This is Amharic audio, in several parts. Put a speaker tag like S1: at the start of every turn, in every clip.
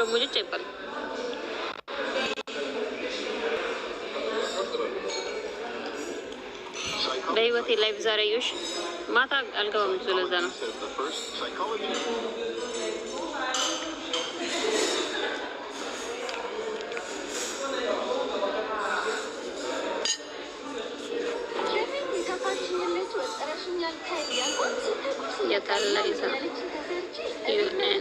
S1: ብሎ ሙጭጭ አይባልም። በህይወቴ ላይ ዛሬ አየሁሽ። ማታ አልገባም። ስለዛ ነው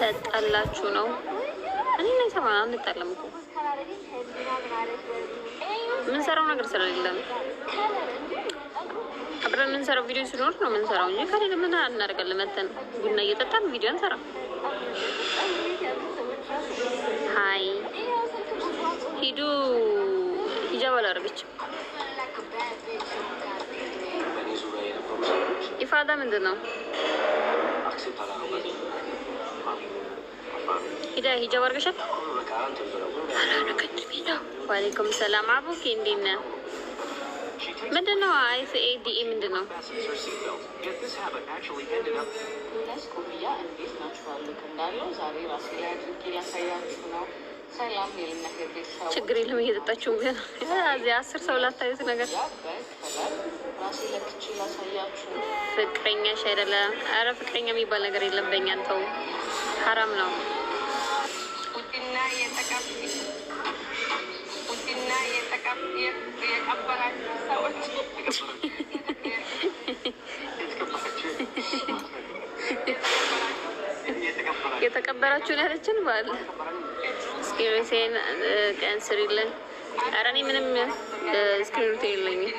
S1: ልትጣላችሁ ነው? እኔ ላይ ሰማ አንጣላም እኮ የምንሰራው ነገር ስለሌለ ነው። አብረን የምንሰራው ቪዲዮ ሲኖር ነው የምንሰራው እንጂ ከሌለ ምን እናደርጋለን? መተን ቡና እየጠጣን ቪዲዮ እንሰራ። ሀይ ሂዱ ሂጃብ አላረገችም። ኢፋዳ ምንድን ነው? ሂዳ ሂጃብ አድርገሻል? ዋሌኩም ሰላም አቡኪ፣ እንዴት ነህ? ምንድን ነው አይፍ ኤዲኢ ምንድን ነው? ችግር የለም እየጠጣችሁ እዚህ አስር ሰው ላታዩት ነገር ፍቅረኛሽ አይደለም። አረ ፍቅረኛ የሚባል ነገር የለም በእኛ ተው። ሀራም ነው። ውድና የተቀበራችሁን ያለችን ባለ እስኪሴን ቀን ስሪልን። ኧረ እኔ ምንም እስክሪብቶ የለኝም።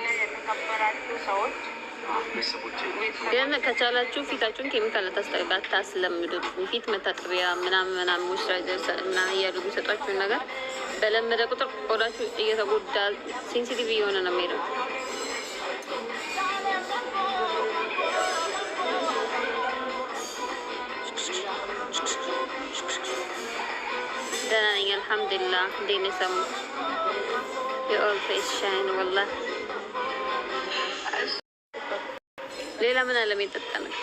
S1: ግን ከቻላችሁ ፊታችሁን ኬሚካል አታስለምዱት። ፊት መታጠቢያ ምናምን ምናምን ሞይስቸራይዘር ምናምን እያደረጉ የሚሰጧችሁን ነገር በለመደ ቁጥር ቆዳችሁ እየተጎዳ ሴንሲቲቭ እየሆነ ነው የሚሄደው። ደህና ነኝ አልሐምዱሊላህ። እንዴት ነው የሰሙት የኦል ፌስ ሻይን ወላሂ ሌላ ምን አለ የሚጠጣ ነገር?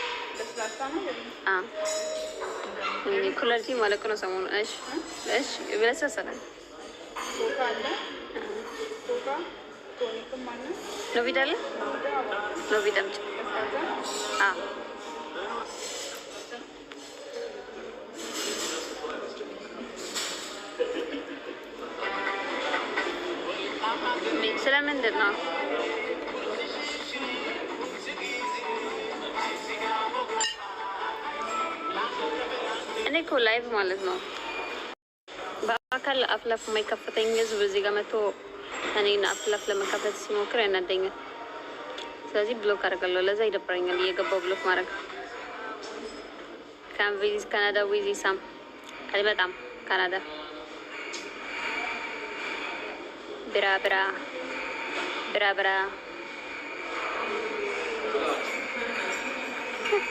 S1: ኩላሊቲ ማለቅ ነው ሰሞኑ። እሺ፣ እሺ፣ ለስላሳ ነው። ኖቪዳ ስለምንድን ነው? እኔ እኮ ላይቭ ማለት ነው በአካል አፍላፍ የማይከፈተኝ ህዝብ እዚህ ጋር መቶ እኔን አፍላፍ ለመከፈት ሲሞክር ያናደኛል። ስለዚህ ብሎክ አደርጋለሁ። ለዛ ይደብረኛል እየገባው ብሎክ ማድረግ ከንቪዝ ካናዳ ዊዚ ሳም አልመጣም። ካናዳ ብራ ብራ ብራ ብራ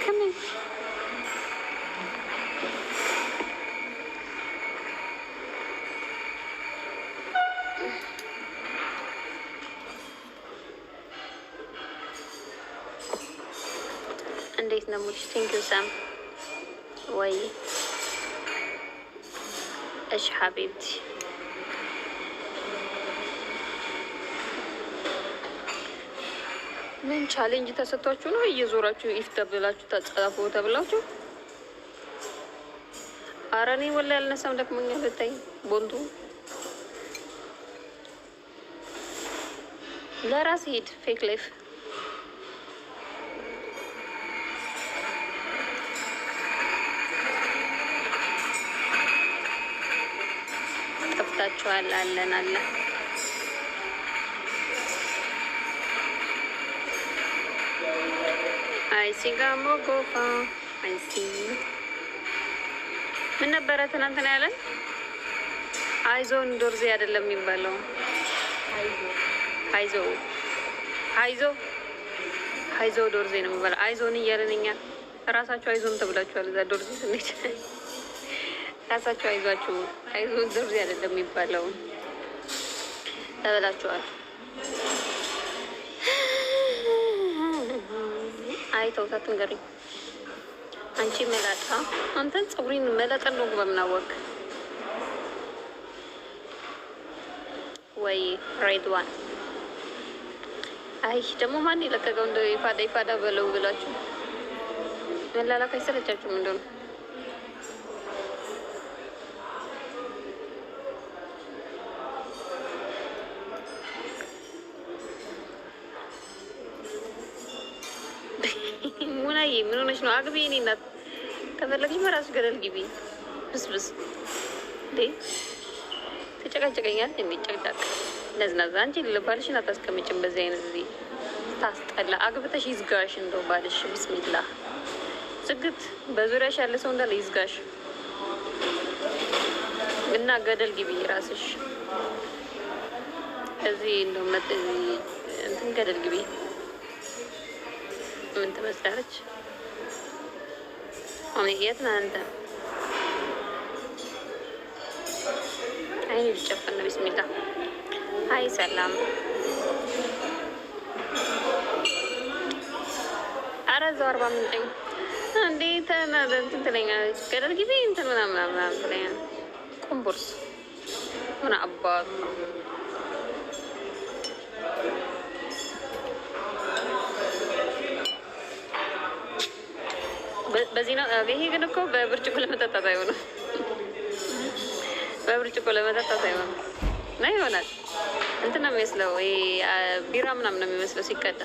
S1: ከምን ለሙች ቴንኪዩ ሰም ወይ እሺ ሀቢብቲ ምን ቻሌንጅ ተሰጥቷችሁ ነው እየዞራችሁ ኢፍ ተብላችሁ ተጻፉ ተብላችሁ? አረ እኔ ወላሂ አልነሳም፣ ደክሞኛል። ብታይ ቦንቱ ለራስ ሂድ ፌክ ላይፍ ሰምታችኋል። አለን አለን አይሲ ጋሞ ጎፋ አይሲ ምን ነበረ ትናንትና ያለን? አይዞን ዶርዜ አይደለም የሚባለው አይዞ አይዞ አይዞ ዶርዜ ነው የሚባለው። አይዞን እያለን እኛ እራሳቸው አይዞን ተብላችኋል። እዛ ዶርዜ ስንሄድ ካሳችሁ አይዟችሁ፣ አይዞ ድርዝ አይደለም የሚባለው ተበላችኋል። አይ ተውት፣ አትንገሪኝ። አንቺ መላጣ፣ አንተን ፀጉሬን መላጣ ነው በምናወቅ ወይ ዋን አይ ደግሞ ማን የለቀቀው እንደ ይፋዳ ይፋዳ በለው ብላችሁ መላላክ አይሰለቻችሁም እንደሆነ ምን ሆነች ነው? አግቢ። እኔ እናት ከፈለግሽ በራሱ ገደል ግቢ። ብስብስ እንዴ ተጨቃጨቀኛል። የሚጨቅዳቅ ነዝናዛ። አንቺ ባልሽን አታስቀምጭም በዚህ አይነት ጊዜ ታስጠላ። አግብተሽ ይዝጋሽ እንደው ባልሽ። ቢስሚላ ዝግት። በዙሪያሽ ያለ ሰው እንዳለ ይዝጋሽ እና ገደል ግቢ ራስሽ። እዚህ እንደው እንትን ገደል ግቢ ምን ትመስላለች? የት ነህ አንተ? አይኔ ልጨፍን ነው። ቢስሚላ አይ ሰላም። ኧረ እዛው አርባ ምንጭኝ እንዴት እንትን ትለኛለች። ገደል ጊዜ እንትን ምናምን ምናምን ትለኛለች። ቁምቡርስ ምን አባቱ በዚህ ነው። ይሄ ግን እኮ በብርጭቆ ለመጠጣት አይሆንም። በብርጭቆ ለመጠጣት አይሆንም ና ይሆናል እንትን ነው የሚመስለው ቢራ ምናምን ነው የሚመስለው ሲቀዳ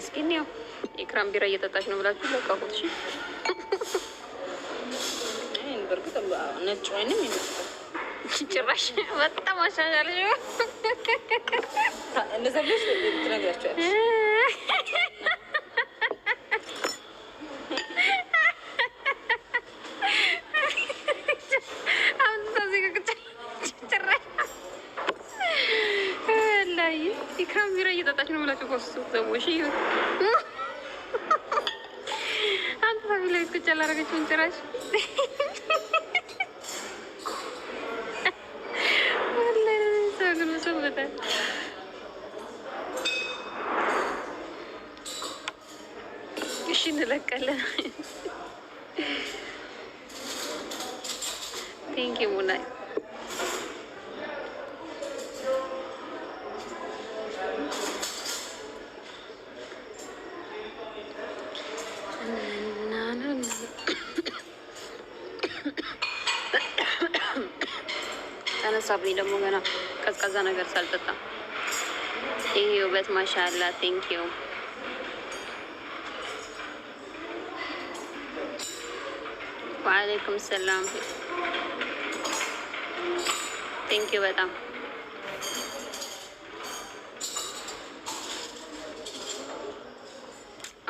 S1: እስኪ እንየው። የክራም ቢራ እየጠጣች ነው ብላችሁ ለቃቁት።
S2: እሺ በእርግጥ ነጭ ወይንም
S1: ጭራሽ በጣም አሻሻል
S2: እነዛ ነው የምላቸው ሰዎች
S1: አንተ ሳቢ ላይ እስከች አላደረገችውን ጭራሽ እንለቀለን። ቴንክ ዩ ሙና ተነሳብኝ ደግሞ ገና ቀዝቃዛ ነገር ሳልጠጣ ይህ ውበት ማሻላ ቴንክ ዩ ወአለይኩም ሰላም ቴንክ ዩ በጣም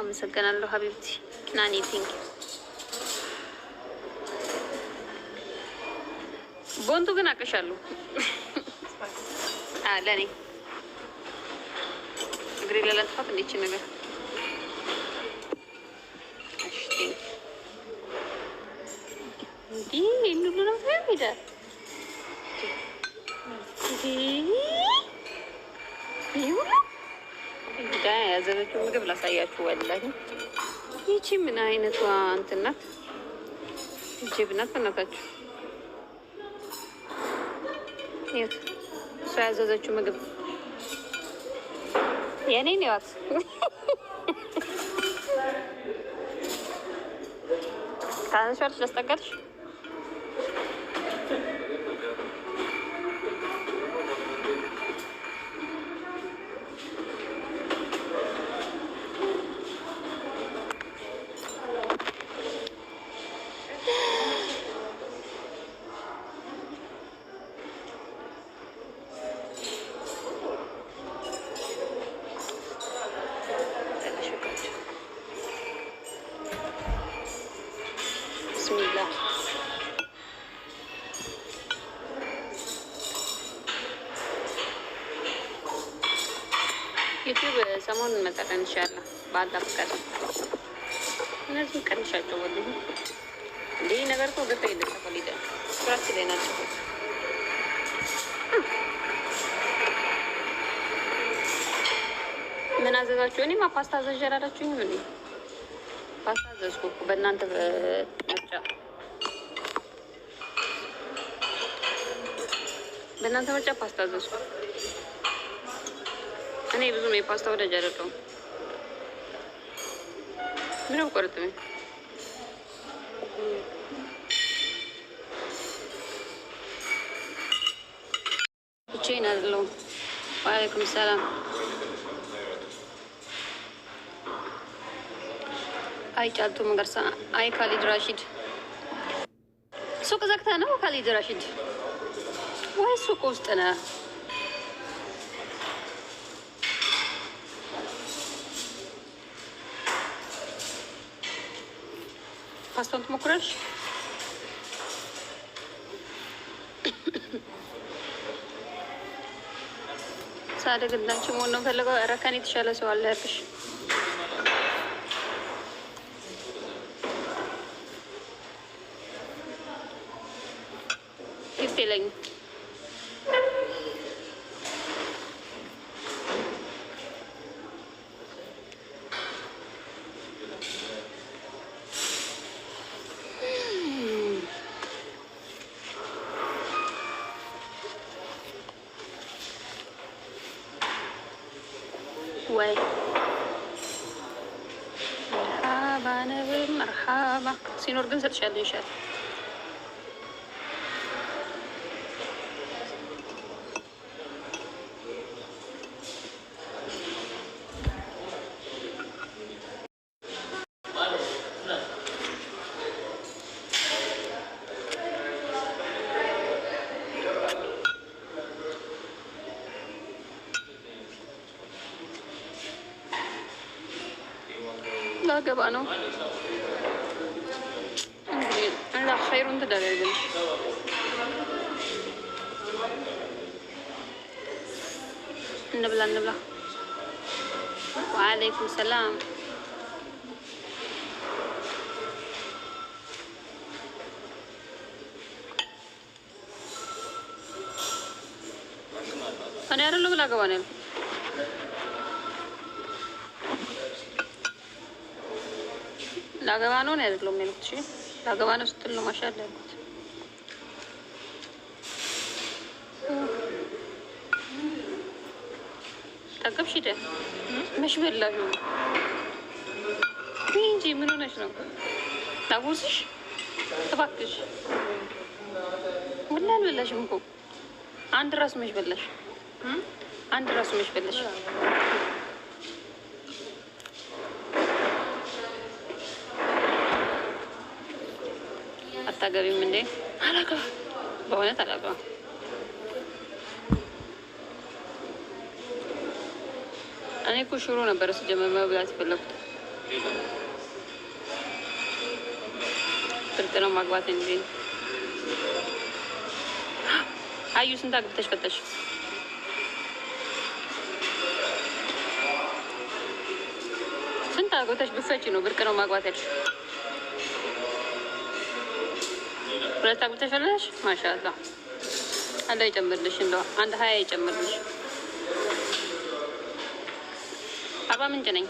S1: አመሰግናለሁ ሀቢብቲ ናኒ ቴንክ ቦንቱ ግን አቅሻለሁ ለእኔ እግሬ ለለጥፋት እንዴችን ነገር ያዘበችው ምግብ ላሳያችሁ። ወላሂ ይቺ ምን አይነቷ እንትን ናት? ጅብ ናት። በእናታችሁ እሷ ያዘዘችው ምግብ የኔን ይዋት ታንሽ ወርስ ሰሞኑን መጣ ቀንሻለሁ። በአላ ፍቃድ እነዚህ ቀንሻቸው ወደ እንደ ነገር እኮ ግብ የለጠፈል ደ ኩራት ላይ ናቸው። ምን አዘዛችሁ? እኔማ ፓስታ አዘዥ አላላችሁኝ? ምን ፓስታ አዘዝኩ በእናንተ ምርጫ በእናንተ ምርጫ ፓስታ አዘዝኩ። እኔ ብዙም የፓስታ ወዳጅ አይደለሁም። ምንም ቆርጥም ብቻዬን አይደለሁም። ወአለይኩም ሰላም አይ ጫልቱ መገርሳ አይ ካሊድ ራሺድ ሱቅ ዘግታ ነው። ካሊድ ራሺድ ወይ ሱቅ ውስጥ ነህ? ፓስታውን ትሞክራለሽ? ሳደግላችሁ መሆን ነው ፈለገው። ኧረ ከእኔ የተሻለ ሰው አለ ያልሽ ግድ የለኝም። بابا سينور قنزل شادي شادي I don't know. ሼሩን ተደረግልኝ። እንብላ እንብላ። ወአለይኩም ሰላም እኔ አይደለሁ ብላ ገባ ነው ላገባ ነው አይደለሁም ያልኩት። ላገባ ነው ስትል ነው ማሻል ያልኩት። ታገብሽ ደ መሽ በላሽ እንጂ ምን ሆነሽ ነው? ላጎርስሽ እባክሽ። ምን አልበላሽም እኮ አንድ ራሱ መሽ በላሽ። አንድ ራሱ መሽ በላሽ። አታገቢም እንዴ? አላገባ፣ በእውነት አላገባ። እኔ እኮ ሽሮ ነበረ ስጀመር መብላት የፈለኩት። ፍርጥ ነው ማግባት እንጂ። አዩ ስንት አግብተሽ ፈተሽ? ስንት አግብተሽ ብፈች ነው ብርቅ ነው ማግባት ያልሽ? ሁለት አግብተሽ ፈለሽ ማሻላ አላ ይጨምርልሽ። እንደው አንድ ሀያ ይጨምርልሽ። አርባ ምንጭ ነኝ።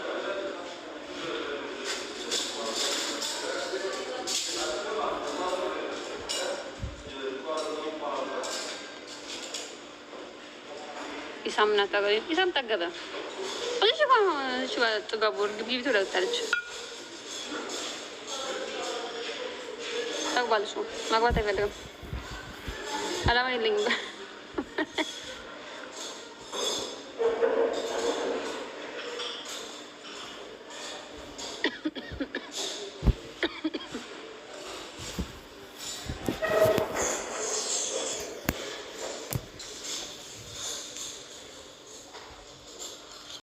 S1: ኢሳም ና ኢሳም ጠገበ ጥጋቡ ግቢ ጸጉር ባለች ማግባት አይፈልግም። አላማ የለኝም